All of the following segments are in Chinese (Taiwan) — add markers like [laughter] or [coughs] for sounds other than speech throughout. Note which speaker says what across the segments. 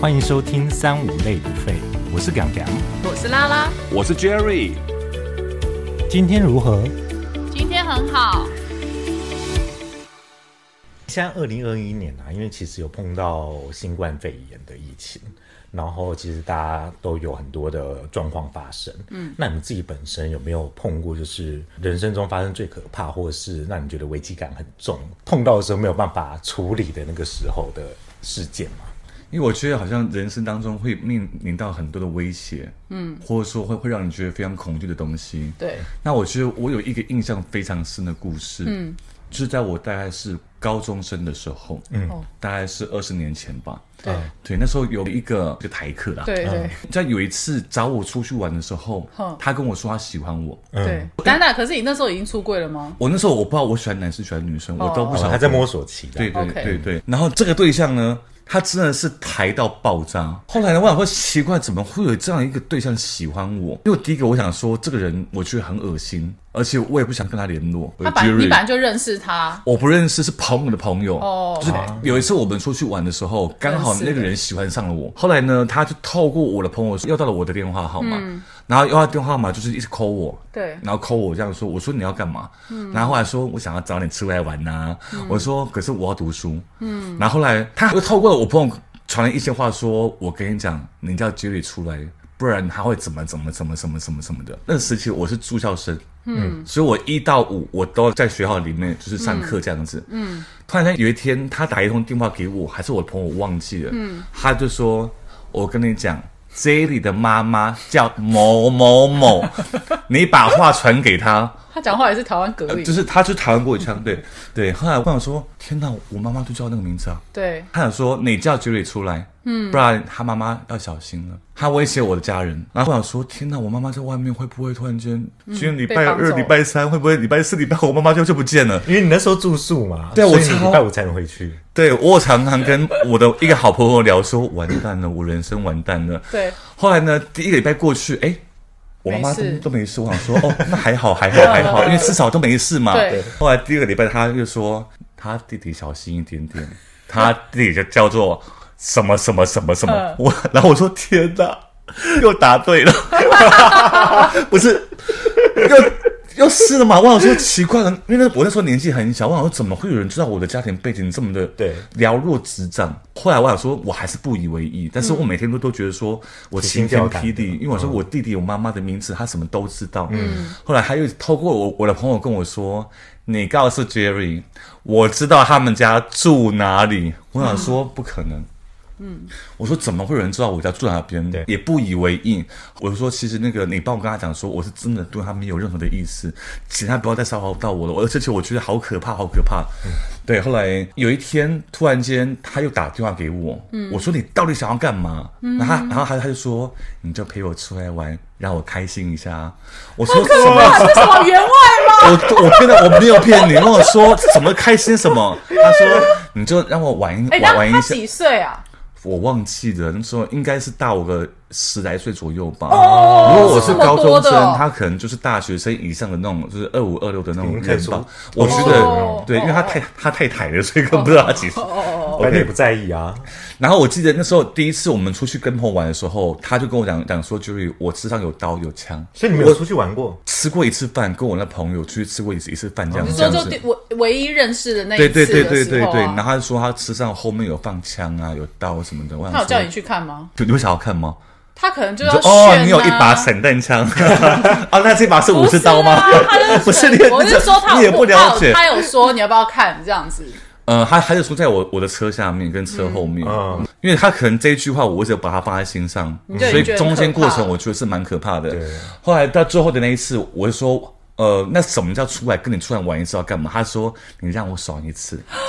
Speaker 1: 歡迎收聽《三五類不費》，我是 gang gang，我是拉拉，我是 Jerry。今天如何？
Speaker 2: 今天很好。
Speaker 1: 現在二零二一年啊，因為其實有碰到新冠肺炎的疫情，然後其實大家都有很多的狀況發生。嗯，那你們自己本身有沒有碰過，就是人生中發生最可怕，或者是那你覺得危機感很重，碰到的時候沒有辦法處理的那個時候的事件嗎？
Speaker 3: 因為我覺得好像人生當中會面臨到很多的威脅，嗯，或者說會會讓你覺得非常恐懼的東西。對，那我覺得我有一個印象非常深的故事，嗯，就是在我大概是高中生的時候，嗯，大概是二十年前吧。對，對，那時候有一個就台客啊，對對，在有一次找我出去玩的時候，他跟我說他喜歡我。
Speaker 2: 對，丹娜。可是你那時候已經出櫃了嗎？
Speaker 3: 我那時候我不知道我喜歡男生喜歡女生，我都不曉得，還在摸索期，對對對對，然後這個對象呢？他真的是台到爆炸。後來呢，我也會奇怪，怎麼會有這樣一個對象喜歡我？因為第一個，我想說，這個人我覺得很噁心。而且我也不想跟他聯絡。他本來 Jerry, 你本來
Speaker 2: 就認識他，
Speaker 3: 我不認識，是朋友的朋友。哦，oh, 就是有一次我們出去玩的時候，剛好那個人喜歡上了我。後來呢，他就透過我的朋友說要到了我的電話號碼，嗯、然後要他電話號碼就是一直 call 我。對。然後 call 我這樣說，我說你要幹嘛？嗯。然後，後來說我想要找點出來玩吶、啊。嗯、我說可是我要讀書。嗯。然後後來他又透過了我朋友傳了一些話說，我跟你講，你叫 Jerry 出來。不然他會怎麼怎麼怎麼怎麼怎麼怎麼的？那個時期我是住校生，嗯，所以我一到五我都在學校裡面就是上課這樣子，嗯。嗯突然間有一天他打一通電話給我，還是我的朋友忘記了，嗯，他就說：“我跟你講，Jerry 的媽媽叫某某某， [laughs] 你把話傳給他。”
Speaker 2: 他講話也是台灣格里，
Speaker 3: 就是他去台灣過一槍， [laughs] 對對。後來我想說，天哪，我媽媽都叫那個名字啊！對，他想說你叫 Jerry 出來，不然、嗯、他媽媽要小心了。他威脅我的家人，然後我想說，天哪，我媽媽在外面會不會突然間，今天禮拜二、禮拜三會不會禮拜四、禮拜五，我媽媽就就不見了？因為你那時
Speaker 1: 候住宿嘛，對，我只有
Speaker 3: 禮拜五才能回去。對，我常常跟我的一個好朋友聊，說完蛋了， [laughs] 我人生完蛋了。對，後來呢，第一個禮拜過去，哎、欸。我媽媽都都沒，沒事，我想說哦，那還好還好 [laughs] 還好，因為至少都沒事嘛。對後來第二個禮拜他又，他就說他弟弟小心一點點，他弟弟就叫做什麼什麼什麼什麼，呃、我然後我說天哪，又答對了， [laughs] [laughs] 不是又。 [laughs] 又是了嘛？我想說奇怪了，因為那我那時候年紀很小，我想說怎麼會有人知道我的家庭背景這麼的對，瞭若指掌？後來我想說我還是不以為意，嗯、但是我每天都都覺得說我驚天霹靂，因為我說我弟弟、嗯、我媽媽的名字他什麼都知道。嗯，後來他又透過我我的朋友跟我說：“你告訴 Jerry，我知道他們家住哪裡。”我想說不可能。嗯嗯，我說怎麼會有人知道我家住哪邊的？對，也不以為意。我就說其實那個，你幫我跟他講說，我是真的對他沒有任何的意思，請他不要再騷擾到我了。我而且，其實我覺得好可怕，好可怕。嗯、對，後來有一天突然間他又打電話給我，嗯，我說你到底想要幹嘛？嗯、然後，然後他他就說你就陪我出來玩，讓我開心一下。我說什麼？我、哦、麼是老
Speaker 2: 員外嗎？我我真的我沒有騙你，
Speaker 3: 跟我說什麼開心什麼？他說你就讓我玩一玩、哎啊、玩一下。幾歲啊？我忘記了，那時候應該是大我個十來歲左右吧。哦、如果我是高中生，哦、他可能就是大學生以上的那種，就是二五二六的那種人吧。我覺得對，因為他太、哦、他太台了，所以不知道他幾歲。哦哦
Speaker 2: 哦哦我也不
Speaker 3: 在意啊。然後我記得那時候第一次我們出去跟朋友玩的時候，他就跟我講講說：“Jerry，我身上有刀有槍。”所以你沒有出去玩過，吃過一次飯，跟我那朋友出去吃過一次一次飯，這樣子。說就我
Speaker 2: 唯一認識的那一次對對對對對對，
Speaker 3: 然後他就說他身上後面有放槍啊，有刀什麼的。他有叫你去看嗎？就你會想要看嗎？他
Speaker 2: 可能就說：“哦，你有一把散彈
Speaker 3: 槍啊，那這把是武士刀嗎？”不是，不是說他有，他有說你要不
Speaker 2: 要看這樣子。
Speaker 3: 呃，他還是說在我我的車下面跟車後面，嗯嗯、因為他可能這一句話我只有把它放在心上，嗯、所以中間過程我覺得是蠻可怕的。對後來到最後的那一次，我就說，呃，那什麼叫出來跟你出來玩一次要幹嘛？他說，你讓我爽一次。啊、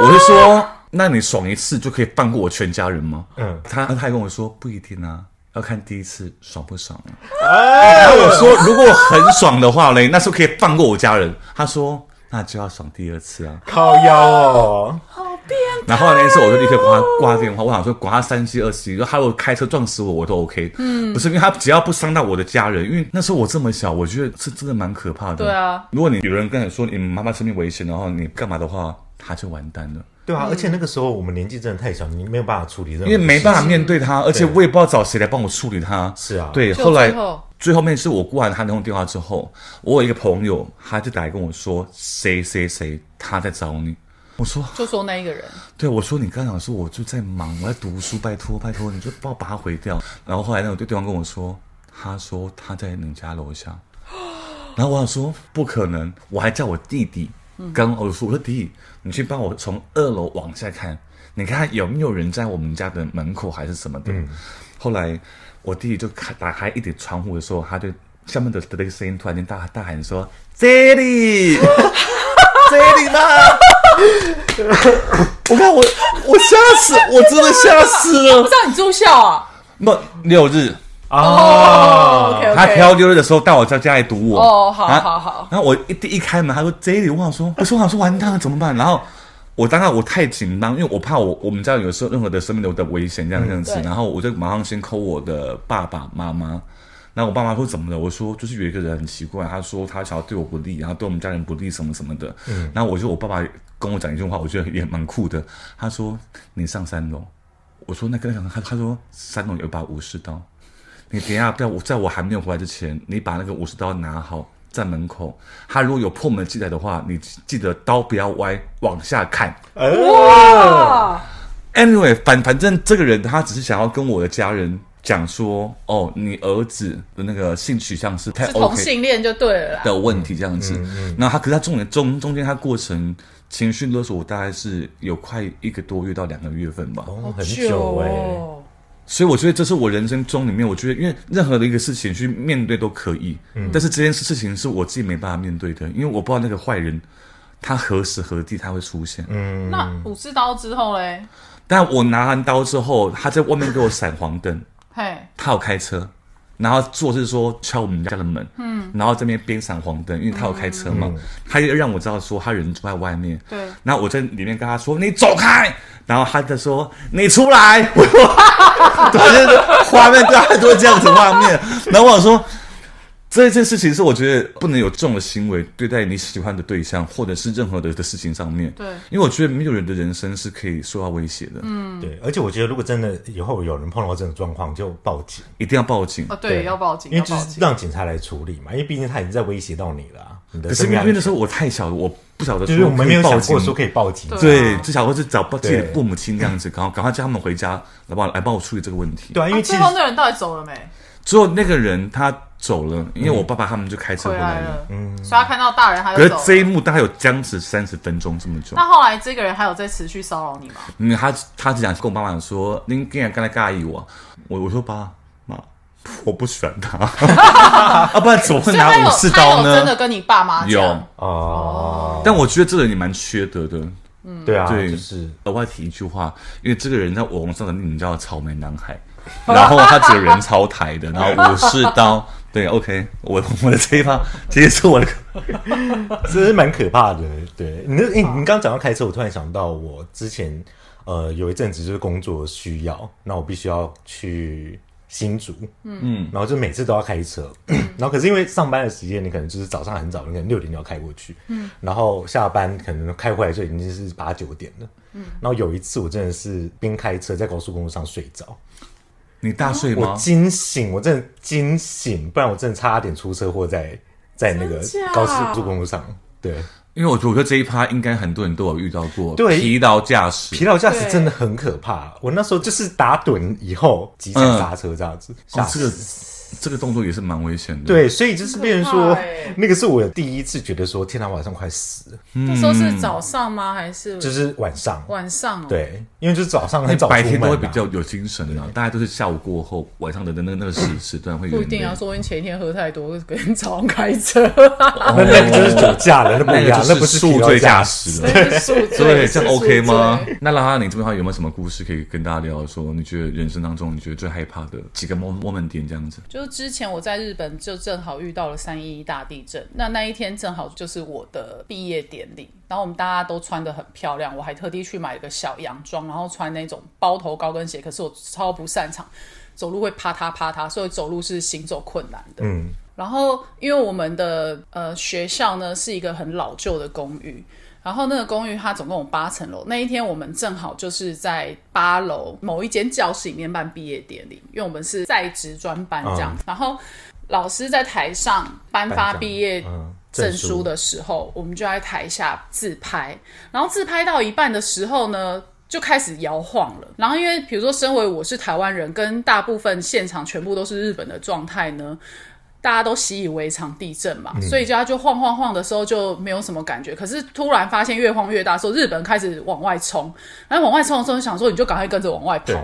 Speaker 3: 我就說，那你爽一次就可以放過我全家人嗎？嗯，他他還跟我說不一定啊，要看第一次爽不爽、啊。那我、啊啊、說，如果很爽的話嘞，那時候可以放過我家人。他說。那就要爽第二次啊！靠腰哦，好變態！然後那一次我就立刻掛掛電話，我想說，管他三七二十一，後開車撞死我我都 OK。嗯，不是因為他只要不傷到我的家人，因為那時候我這麼小，我覺得是真的蠻可怕的。對啊，如果你有人跟你說你媽媽生命危險，然後你幹嘛的話他就完蛋了。
Speaker 1: 對啊，嗯、而且那個時候我們年紀真的太小，你沒有辦法處理，因為沒辦法面
Speaker 3: 對他，而且我也不知道找誰來幫我處理他。是啊，對，後，後來。最後面是我過完他那通電話之後，我有一個朋友，他就打來跟我說：“誰誰誰，他在找你。”我說：“
Speaker 2: 就說那一個人。
Speaker 3: 對”對我說：“你剛想說我就在忙，我在讀書，拜託拜託，你就幫我把他回掉。”然後後來那我對對方跟我說：“他說他在你家樓下。” [coughs] 然後我想說：“不可能！”我還叫我弟弟跟我說：“我弟弟，你去幫我從二樓往下看，你看有沒有人在我們家的門口還是什麼的。嗯”後來。我弟弟就開打開一點窗戶的時候，他就下面的的那個聲音突然間大大喊說：“Jerry，Jerry
Speaker 2: 啦！”我看我我嚇死，我真的嚇死了。我知道你住校啊？那
Speaker 3: 六日啊？哦 oh, okay, okay. 他挑六日的時候帶我在家裡堵我。哦、oh, oh, oh, oh, 啊，好好好。然後我一弟一開門，他說：“Jerry。”我跟他說：“我說，我說完蛋了，怎麼辦？”然後。我當然我太緊張，因為我怕我我們家有時候任何的生命的的危險這樣這樣子，嗯、然後我就馬上先 call 我的爸爸媽媽，那我爸媽會怎麼的？我說就是有一個人很奇怪，他說他想要對我不利，然後對我們家人不利什麼什麼的。嗯，然後我就我爸爸跟我講一句話，我覺得也蠻酷的。他說你上三樓，我說那個他他說三樓有一把武士刀，你等一下不要我在我還沒有回來之前，你把那個武士刀拿好。在門口，他如果有破門進來的話，你記得刀不要歪，往下砍。
Speaker 2: 哇
Speaker 3: Anyway，反反正這個人他只是想要跟我的家人講說，哦，你兒子的那個性取向是同性
Speaker 2: 戀就對了
Speaker 3: 的問題這樣子。嗯嗯嗯、那他可是他重點中中間他過程情緒勒索我大概是有快一個多月到兩個月份吧，很久哎、哦。所以我覺得這是我人生中裡面，我覺得因為任何的一個事情去面對都可以，嗯，但是這件事情是我自己沒辦法面對的，因為我不知道那個壞人他何時何地他會出現，嗯，那
Speaker 2: 武士刀之後嘞？
Speaker 3: 但我拿完刀之後，他在外面給我閃黃燈， [laughs] 他有開車。然後做是說敲我們家的門，嗯，然後這邊邊閃黃燈，因為他有開車嘛，嗯、他就讓我知道說他人住在外面，對、嗯，然後我在裡面跟他說對你走開，然後他就說你出來，哈哈哈哈，反正畫面大概就是這樣子畫面，然後我說。所以這件事情是我覺得不能有這種行為對待你喜歡的對象，或者是任何的、的事情上面。對，因為我覺得沒有人的人生是可以受到威脅的。嗯，對，而且我覺得如
Speaker 1: 果真的以後有人碰到這種狀況，就報警，一定要報警。啊對、哦，對，要
Speaker 2: 報警，對因為就
Speaker 1: 是讓警察來處理嘛，因為畢竟他已經在威脅到你了。你可是明明的時候我太小了，
Speaker 3: 我不曉得。所以我們沒有想過說可以報警。對，至少我是找自己的父母親這樣子，趕快趕快叫他們回家對好好來幫來幫我處理這個問題。對，因為其、啊、對方的
Speaker 2: 人到底走了沒？
Speaker 3: 之後那個人他走了，因為我爸爸他們就開車回來了，嗯了，所以他看到大人
Speaker 2: 他，他有。可是這
Speaker 3: 一幕大概有僵持三十分鐘這麼久，嗯。
Speaker 2: 那後來這個人還有在持續騷
Speaker 3: 擾你嗎？嗯，他他只想跟我爸媽說，您竟然剛才尬意我，我我說爸媽，我不選他，
Speaker 2: [laughs] [laughs] 啊不然怎麼會拿武士刀呢？真的跟你爸媽講
Speaker 3: 有哦。但我覺得這個人也蠻缺德的，嗯，對，對啊，就是額外提一句話，因為這個人在網上的名叫的草莓男孩。 [laughs] 然後他覺得人超台的。 [laughs] 然後武士刀，對
Speaker 1: ，OK，我我的這一趴，其實是我，那個， [laughs] 真的，這是蠻可怕的。對，你那，你你剛剛講到開車，我突然想到我之前呃有一陣子就是工作需要，那我必須要去新竹，嗯嗯，然後就每次都要開車，嗯、然後可是因為上班的時間，你可能就是早上很早，你可能六點就要開過去，嗯，然後下班可能開回來就已經是八九點了，嗯，然後有一次我真的是邊開車在高速公路上睡着。你大睡吧，哦，我驚醒，我真的驚醒，不然我真的差點出車禍在在那個高速公路上。對，
Speaker 3: 因為我覺得這一趴應該很多人都有遇到過疲對，疲勞駕駛，疲勞駕駛真的
Speaker 1: 很可怕。對我那時候就是打盹以後急踩剎
Speaker 3: 車這樣子，嚇、嗯、死。哦這個動作也是蠻危險
Speaker 1: 的。對，所以就是變成說，那個是我第一次覺得說，天吶，晚上快死了。你說是早
Speaker 2: 上嗎？還是就是晚上？晚上。對，
Speaker 1: 因為就是早上，你白天都會比
Speaker 3: 較有精神的。大家都是下午過後，晚上的那那個時時段會。不一定要
Speaker 2: 說因為前一天喝太多，跟早上開車，那不是酒
Speaker 3: 駕了，那不一樣？那不是醉酒駕駛了？對，對，這樣 OK 嗎？那拉拉，你這邊的話，有沒有什麼故事可以跟大家聊，說你覺得人生當中你覺得最害怕的幾個 moment 點這樣子？
Speaker 2: 之前我在日本就正好遇到了三一一大地震，那那一天正好就是我的畢業典禮，然後我們大家都穿得很漂亮，我還特地去買一個小洋裝，然後穿那種包頭高跟鞋，可是我超不擅長走路，會啪嗒啪嗒，所以走路是行走困難的。嗯，然後因為我們的呃學校呢是一個很老舊的公寓。然後那個公寓它總共有八層樓，那一天我們正好就是在八樓某一間教室裡面辦畢業典禮，因為我們是在職專班這樣。嗯、然後老師在台上頒發畢業證書的時候，嗯、我們就在台下自拍。然後自拍到一半的時候呢，就開始搖晃了。然後因為比如說，身為我是台灣人，跟大部分現場全部都是日本的狀態呢。大家都習以為常地震嘛，嗯、所以家就晃晃晃的時候就沒有什麼感覺。可是突然發現越晃越大的時候，日本開始往外衝，然後往外衝的時候，想說你就趕快跟着往外跑。對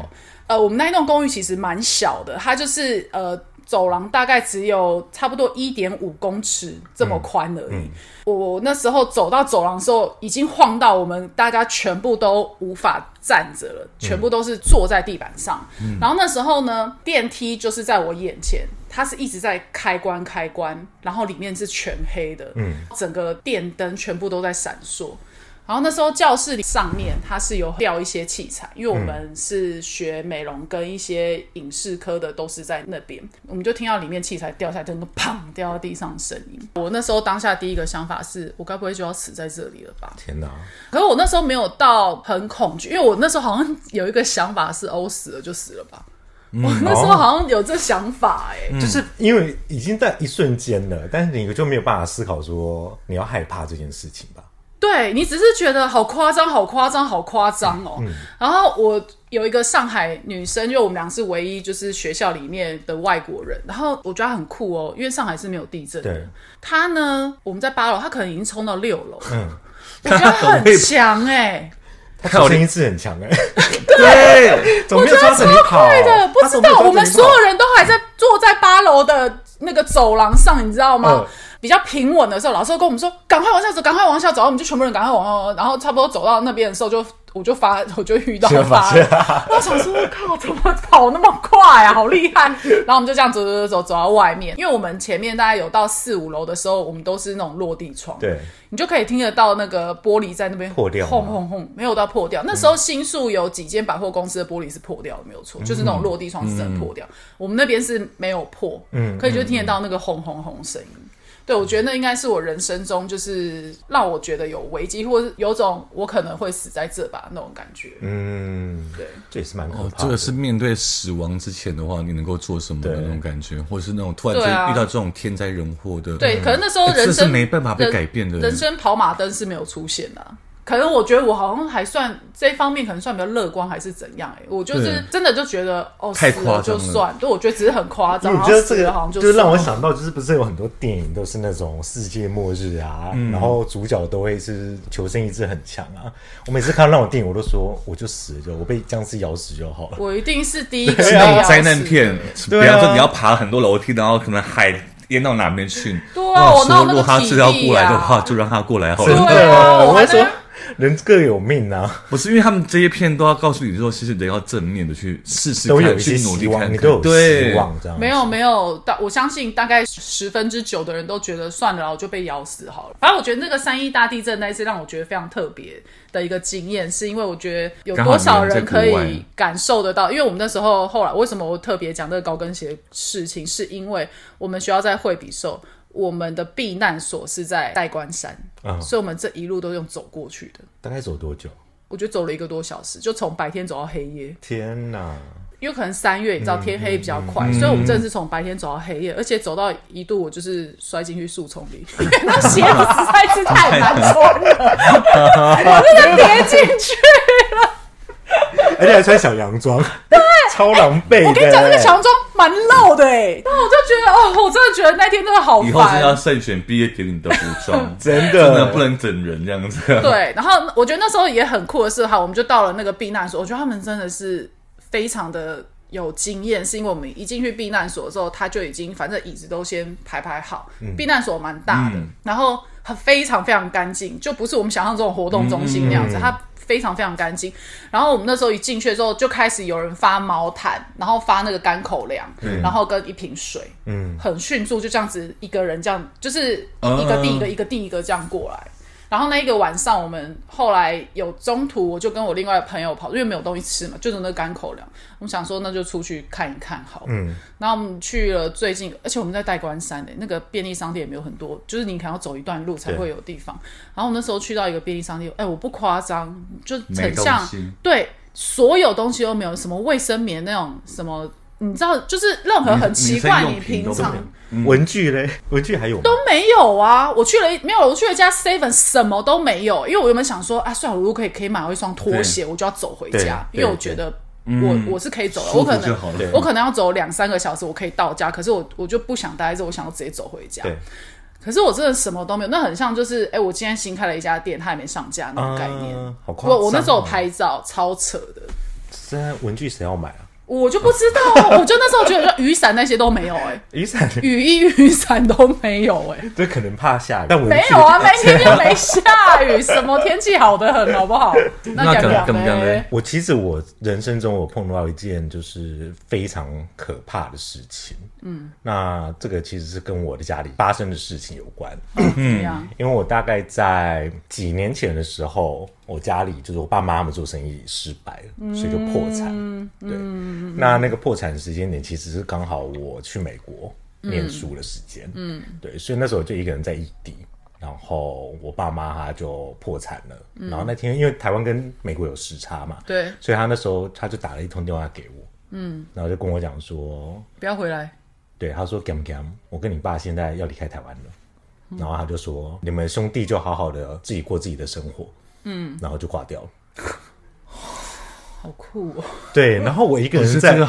Speaker 2: 呃，我們那一棟公寓其實蠻小的，它就是呃。走廊大概只有差不多一點五公尺這麼寬而已。嗯嗯、我那時候走到走廊的時候，已經晃到我們大家全部都無法站着了，嗯、全部都是坐在地板上。嗯、然後那時候呢，電梯就是在我眼前，它是一直在開關開關，然後裡面是全黑的，嗯、整個電燈全部都在閃爍。然後那時候教室裡面上面它是有掉一些器材，嗯、因為我們是學美容跟一些影視科的，都是在那邊，嗯、我們就聽到裡面器材掉下來，整個砰掉到地上的聲音。我那時候當下第一個想法是我該不會就要死在這裡了吧？天哪！可是我那時候沒有到很恐懼，因為我那時候好像有一個想法是：我、哦、死了就死了吧。嗯、
Speaker 1: 我那時候好
Speaker 2: 像有這想法、欸，哎、嗯，就
Speaker 1: 是因為已經在一瞬間了，但是你就沒有辦法思考說你要害怕這件事情吧。
Speaker 2: 對，你只是覺得好誇張，好誇張，好誇張哦。嗯嗯、然後我有一個上海女生，因為我們倆是唯一就是學校裡面的外國人，然後我覺得她很酷哦，因為上海是沒有地震的。對她呢，我們在八樓，她可能已經衝到六樓。嗯，我覺得她很強哎、欸， [laughs] 她聲
Speaker 1: 音是很強哎。對，我覺得超快的，不知道我們所有人
Speaker 2: 都還在坐在八樓的那個走廊上，你知道嗎？嗯比較平穩的時候，老師跟我們說：“趕快往下走，趕快往下走。”然後我們就全部人趕快往下走，然後差不多走到那邊的時候就，就我就發，我就遇到，發我想說：“我靠，怎麼跑那麼快啊，好厲害！”然後我們就這樣走走走走走到外面，因為我們前面大概有到四五樓的時候，我們都是那種落地窗，對，你就可以聽得到那個玻璃在那邊破掉，轟轟轟，沒有到破掉。嗯、那時候新宿有幾間百貨公司的玻璃是破掉的，沒有錯，就是那種落地窗是真破掉。嗯、我們那邊是沒有破，嗯，可以就聽得到那個轟轟轟聲音。對，我覺得那應該是我人生中，就是讓我覺得有危機，或者有種我可能會死在這吧那種感覺。嗯，
Speaker 1: 對，這也是蠻可怕的。哦，這
Speaker 3: 個是面對死亡之前的話，你能夠做什麼的那種感覺，對。或者是那種突然間遇到這種天災人禍的。對啊。嗯。對，可能那時候人生，這是沒辦法被改變的人。人生
Speaker 2: 跑馬燈是沒有出現的啊。可能我覺得我好像還算這方面可能算比較樂觀還是怎樣誒，我就是真的就覺得哦，死了就算。對，我覺得只是很誇張。我覺得這個好像就是讓我想
Speaker 1: 到，就是不是有很多電影都是那種世界末日啊，然後主角都會是求生意志很強啊。我每次看到那種電影，我都說我就死了就，我被僵屍咬死就好了。
Speaker 2: 我一定是第一個。是那種災難片，比方說你
Speaker 1: 要爬很多樓梯，然後可能海
Speaker 3: 淹到哪邊去，對啊，我那，如果他就要過來的話，就讓他過來好了。對啊，我還
Speaker 2: 說。
Speaker 1: 人各有命吶、
Speaker 3: 啊，不是因為他們這些片都要告訴你說，其實你得要正面的去
Speaker 1: 試試看，都有一些努力看看你都有希望，這樣。沒
Speaker 2: 有沒有，大我相信大概十分之九的人都覺得算了，我就被咬死好了。反正我覺得那個三一大地震那一次讓我覺得非常特別的一個經驗，是因為我覺得有多少人可以感受得到？因為我們那時候後來，為什麼我特別講這個高跟鞋的事情，是因為我們學校在惠比壽。我們的避難所是在戴關山，嗯、所以，我們這一路都用走過去的。
Speaker 1: 大概走多久？
Speaker 2: 我覺得走了一個多小時，就從白天走到黑夜。
Speaker 1: 天哪！
Speaker 2: 因為可能三月你知道、嗯、天黑比較快，嗯嗯、所以我們真的是從白天走到黑夜，嗯、而且走到一度我就是摔進去樹叢裡， [laughs] 因為那鞋子實在是太難穿了， [laughs] [laughs] [laughs] 我真的跌進去了，而
Speaker 1: 且還穿小洋裝。 [laughs] 超狼狽，欸欸！我跟你講，欸、那個服
Speaker 2: 裝蠻露的哎，欸，那 [laughs] 我就覺得哦，我真的覺得那天真的好煩。以後是要
Speaker 3: 慎選畢業典禮的服裝， [laughs] 真的呢不能整人這樣子。 [laughs] 對，
Speaker 2: 然後我覺得那時候也很酷的是哈，我們就到了那個避難所，我覺得他們真的是非常的有經驗，是因為我們一進去避難所的時候，他就已經反正椅子都先排排好，嗯、避難所蠻大的，嗯、然後非常非常乾淨，就不是我們想象中的活動中心那樣子，他、嗯。非常非常乾淨，然後我們那時候一進去之後，就開始有人發毛毯，然後發那個乾口糧，嗯、然後跟一瓶水，嗯，很迅速就這樣子一個人這樣，就是一個遞一個、Oh. 一個遞一個這樣過來。然後那一個晚上，我們後來有中途，我就跟我另外朋友跑，因為沒有東西吃嘛，就只、是、那乾口糧。我們想說，那就出去看一看好，好。嗯，那我們去了最近，而且我們在帶關山誒、欸，那個便利商店也沒有很多，就是你可能要走一段路才會有地方。對然後那時候去到一個便利商店，哎，我不誇張，就很像，對，所有東西都沒有，什麼衛生棉那種什麼。你知道，就是任何很奇怪，你平常
Speaker 1: 文具嘞，文具還有嗎？
Speaker 2: 都沒有啊！我去了，沒有，我去了家 Seven，什麼都沒有。因為我原本想說，啊，算了，我如果可以可以買回一雙拖鞋，我就要走回家，因為我覺得我我是可以走的，我可能我可能要走兩三個小時，我可以到家。可是我我就不想待着，我想要直接走回家。對。可是我真的什麼都沒有，那很像就是，哎，我今天新開了一家店，它還沒上架那種概
Speaker 1: 念。好誇張！我我那時候拍
Speaker 2: 照超扯的。現
Speaker 1: 在文具誰要買啊？
Speaker 2: 我就不知道，我就那時候覺得，雨傘那些都沒有，哎，
Speaker 1: 雨傘、
Speaker 2: 雨衣、雨傘都沒有，哎，
Speaker 1: 對可能怕下雨，但我沒有啊，那一天就沒
Speaker 2: 下雨，什麼天氣好得很，好不好？那可能呢？
Speaker 1: 我其實我人生中我碰到一件就是非常可怕的事情，嗯，那這個其實是跟我的家裡發生的事情有關，嗯，因為我大概在幾年前的時候。我家裡就是我爸媽他們做生意失敗
Speaker 2: 了，嗯、所以就破產。嗯、對，嗯、
Speaker 1: 那那個破產時間點其實是剛好我去美國念書的時間、嗯。嗯，對，所以那時候就一個人在異地，然後我爸媽他就破產了。嗯、然後那天因為台灣跟美國有時差嘛，對，所以他那時候他就打了一通電話給我，嗯，
Speaker 2: 然
Speaker 1: 後就跟我講說不要回來。對，他說 gam gam，我跟你爸現在要離開台灣了，嗯、然後他就說你們兄弟就好好的自己過自己的生活。嗯，然後就掛掉了， [laughs] 好酷哦！對，然後我一個人在，我,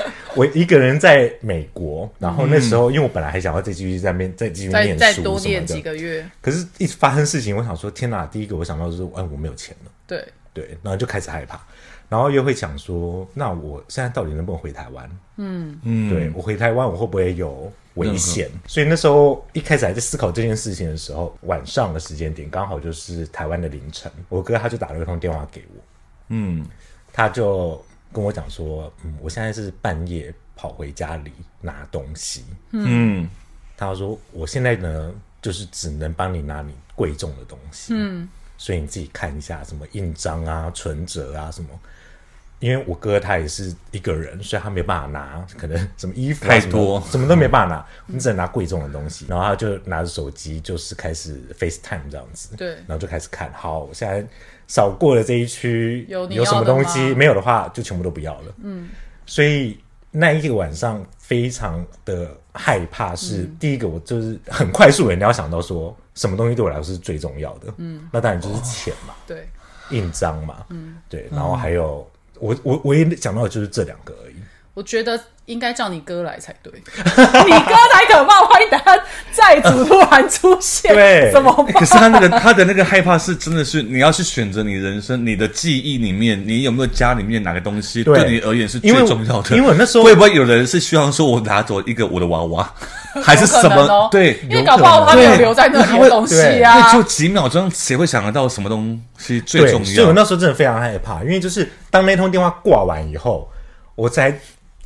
Speaker 1: [laughs] 我一個人在美國。然後那時候，嗯、因為我本來還想要再繼續在那邊，再繼續再再多念幾個月。可是，一發生事情，我想說，天哪！第一個，我想到、就是，哎，我沒有錢了。對對，然後就開始害怕。然後又會想說，那我現在到底能不能回台灣？嗯嗯，對，我回台灣，我會不會有危險？嗯，所以那時候一開始還在思考這件事情的時候，晚上的時間點剛好就是台灣的凌晨，我哥他就打了一通電話給我，嗯，他就跟我講說，嗯，我現在是半夜跑回家裡拿東西，嗯，他說，我現在呢，就是只能幫你拿你貴重的東西，嗯。所以你自己看一下什麼印章啊、存摺啊什麼，因為我哥他也是一個人，所以他沒辦法拿，可能什麼衣服太多，太多什麼都沒辦法拿，嗯、你只能拿貴重的東西。嗯、然後他就拿着手機，就是開始 FaceTime 這樣子，對，然後就開始看，好，我現在掃過了這一區，有有什麼東西沒有的話，就全部都不要了。嗯，所以那一個晚上非常的害怕是，是、嗯、第一個，我就是很快速的、嗯、你要想到說。什麼東西對我來說是最重要的？嗯，那當然就是錢嘛，哦、對，印章嘛，嗯，對，然後還有、嗯、我我唯一講到的就是這兩個而已。
Speaker 2: 我覺得應該叫你哥來才對， [laughs] [laughs] 你哥才可怕。萬一等他再突然出現，呃、對，怎麼辦、欸？可是他那個他
Speaker 3: 的那個害怕是真的是你要去選擇你人生，你的記憶裡面，你有沒有家裡面哪個東西對，對你而言是最重要的？因為，因為那時候會不會有人是希望說我拿走一個我的娃娃，還是什麼？哦、對，哦、對，因為搞不好他沒有留
Speaker 2: 在那個東西啊。對對，就
Speaker 3: 幾秒鐘，誰會想得到什麼東西最重要對？所以我
Speaker 1: 那時候真的非常害怕，因為就是當那通電話掛完以後，我在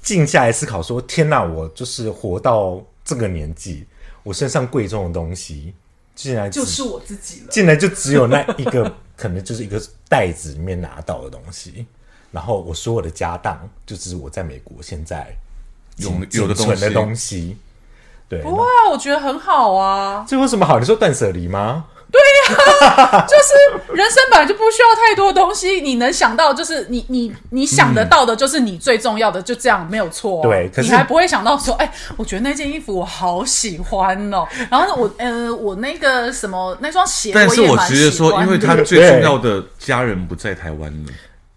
Speaker 1: 靜下來思考，說：“天哪、啊，我就是活到這個年紀，我身上貴重的東西竟然就是我
Speaker 3: 自己了，竟然就只有那一個，
Speaker 1: [laughs] 可能就是一個袋子裡面拿到的東西。然後我所有的家當，就只是我在美國現在用用的存的東西。對，不
Speaker 2: 會啊，我覺得很好啊，
Speaker 1: 這有什麼好？你說斷舍離嗎？”
Speaker 2: [laughs] 就是人生本來就不需要太多東西，你能想到就是你你你想得到的，就是你最重要的，嗯、就這樣沒有錯、哦。對，可是你還不會想到說，哎、欸，我覺得那件衣服我好喜歡哦。然後我呃，我那個什麼，那雙鞋我也蠻喜歡，但是我覺得說，因為他最重要
Speaker 3: 的家人不在台灣了。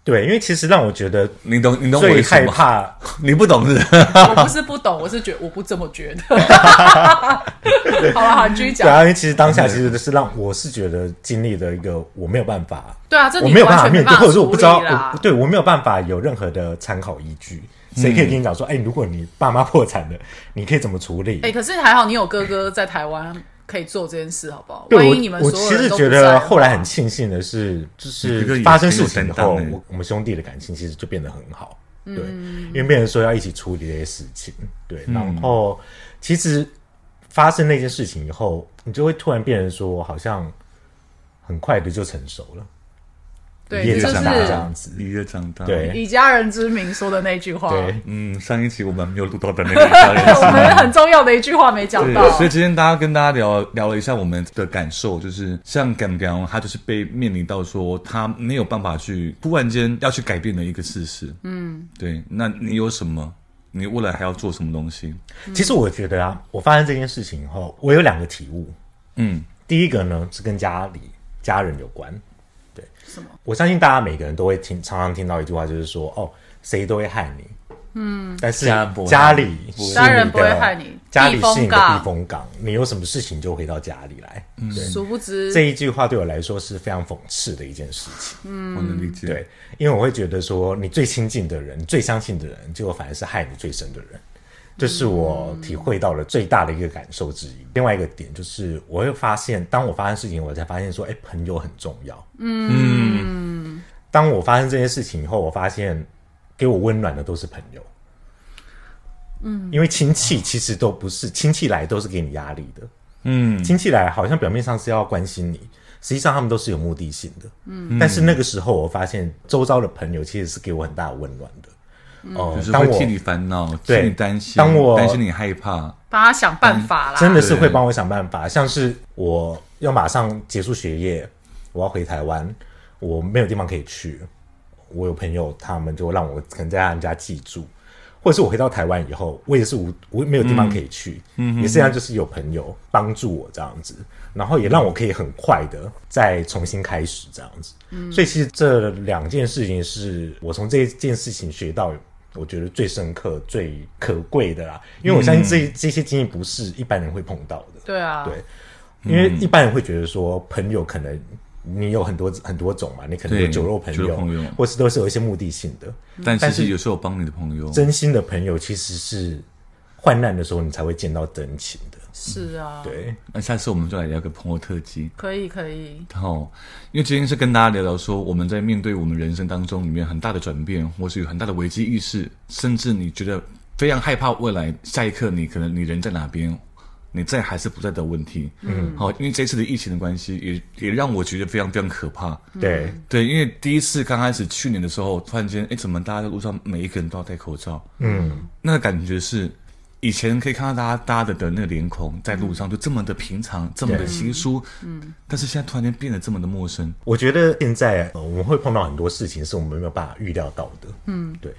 Speaker 3: 對，因為其實讓我覺得，你懂，你懂。最害
Speaker 2: 怕
Speaker 1: 你不懂是，不是？ [laughs] 我不是
Speaker 2: 不懂，我是覺得我不這麼覺得。 [laughs] 好了吧，好 [laughs] 對，你繼續講。對，因為其實當下其
Speaker 1: 實就是讓我是覺得經歷了一個我沒有辦法。對啊，這是我沒有辦法面對，或者說我不知道，我不對，我沒有辦法有任何的參考依據。誰可以跟你講說，哎、嗯欸，如果你爸媽破產了，你可以怎麼處理？哎、
Speaker 2: 欸，可是還好你有哥哥在台灣。可以做這件事，好不好？你們對我，我其實覺得後
Speaker 1: 來很慶幸的是，就是發生事情以後，我我們兄弟的感情其實就變得很好。對，嗯，因為變成說要一起處理這些事情。對，然後其實發生那件事情以後，你就會突然變成說，好像很快的就成熟了。
Speaker 2: 對，就你越
Speaker 1: 長大，對，
Speaker 2: 以家人之名說的那句話。對，
Speaker 3: 嗯，上一期我們沒有錄到的那個家人， [laughs] 我們很
Speaker 2: 重要的一句話沒講到。 [laughs] 所以
Speaker 3: 今天大家跟大家聊聊了一下我們的感受，就是像 Gang Gang，他就是被面臨到說他沒有辦法去，突然間要去改變的一個事實。嗯，對。
Speaker 1: 那你有什麼？你未來還要做什麼東西？
Speaker 2: 其
Speaker 1: 實我覺得啊，嗯、我發現這件事情以後，我有兩個體悟。嗯，第一個呢是跟家裡家人有關。什麼？我相信大家每個人都會聽，常常聽到一句話，就是說：“哦，誰都會害你。”嗯，但是家裡是家人不會害你，家裡是一個避風港，你有什麼事情就回到家裡來。嗯，對，殊不知這一句話對我來說是非常諷刺的一件事情。嗯，我能理解。對，因為我會覺得說，你最親近的人、最相信的人，結果反而是害你最深的人。這是我體會到的最大的一個感受之一。嗯、另外一個點就是，我會發現，當我發生事情，我才發現說，哎、欸，朋友很重要。嗯，當我發生這些事情以後，我發現給我溫暖的都是朋友。嗯，因為親戚其實都不是，啊、親戚來都是給你壓力的。嗯，親戚來好像表面上是要關心你，實際上他們都是有目的性的。嗯，但是那個時候，我發現周遭的朋友其實是給我很大的溫暖的。哦，當我就是替你煩惱，替對你擔心，當我擔心你害怕，
Speaker 2: 幫他想辦法啦，真的是會幫我
Speaker 1: 想辦法。嗯、像是我要馬上結束學業，我要回台灣，我沒有地方可以去，我有朋友，他們就讓我可能在他們家寄住，或者是我回到台灣以後，我也是無我沒有地方可以去，嗯，也這樣就是有朋友幫助我這樣子，然後也讓我可以很快的再重新開始這樣子，嗯，所以其實這兩件事情是我從這件事情學到我覺得最深刻、最可貴的啦，因為我相信這、嗯、這些經驗不是一般人會碰到的。對啊，對，
Speaker 2: 因為一般人
Speaker 1: 會覺得說朋友可能你有很多很多種嘛，你可能有酒肉朋友，朋友或是都是有一些目的性的。嗯、但是其實有時候幫你的朋友，真心的朋友其實是患難的時候你才會見到真情的。
Speaker 2: 是啊，對，
Speaker 1: 那下次我們就來聊個朋友特輯，
Speaker 2: 可以可以。然
Speaker 1: 後、哦、因為今天是
Speaker 3: 跟大家聊聊說，我們在面對我們人生當中裡面很大的轉變，或是有很大的危機意識，甚至你覺得非常害怕未來下一刻你可能你人在哪邊，你在還是不在的問題。嗯，好，因為這次的疫情的關係，也也讓我覺得非常非常可怕。對對，因為第一次剛開始去年的時候，突然間，哎、欸，怎麼大家在路上每一個人都要戴口罩？嗯，那感覺是。以前可以看到大家搭的的那個臉孔，在
Speaker 1: 路上就這麼的平常，嗯、這麼的稀疏，嗯，但是現在突然間變得這麼的陌生。我覺得現在我們會碰到很多事情，是我們沒有辦法預料到的，嗯，對。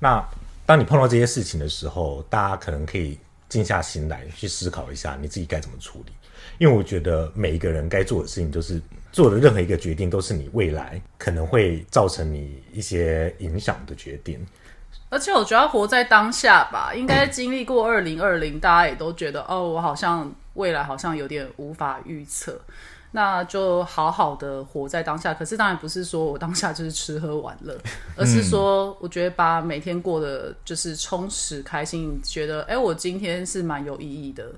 Speaker 1: 那當你碰到這些事情的時候，大家可能可以靜下心來去思考一下，你自己該怎麼處理。因為我覺得每一個人該做的事情，就是做的任何一個決定，都是你未來可能會造成你一些影響的決定。
Speaker 2: 而且我覺得活在當下吧，應該經歷過二零二零，大家也都覺得哦，我好像未來好像有點無法預測，那就好好的活在當下。可是當然不是說我當下就是吃喝玩樂，而是說我覺得把每天過得就是充實、開心，嗯，覺得，哎、欸，我今天是蠻有意義的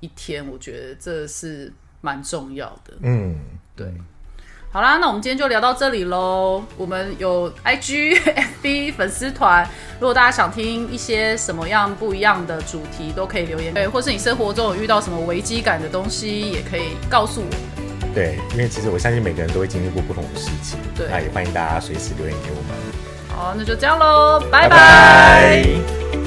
Speaker 2: 一天，我覺得這是蠻重要的。嗯，對。好啦，那我們今天就聊到這裡嘍。我們有 IG、FB 粉絲團，如果大家想聽一些什麼樣不一樣的主題，都可以留言。對，或是你生活中有遇到什麼危機感的東西，也可以告訴我。
Speaker 1: 對，因為其實我相信每個人都會經歷過不同的事情。對，那也歡迎大家隨時留言給我們。
Speaker 2: 好，那就這樣嘍，拜拜 bye。Bye bye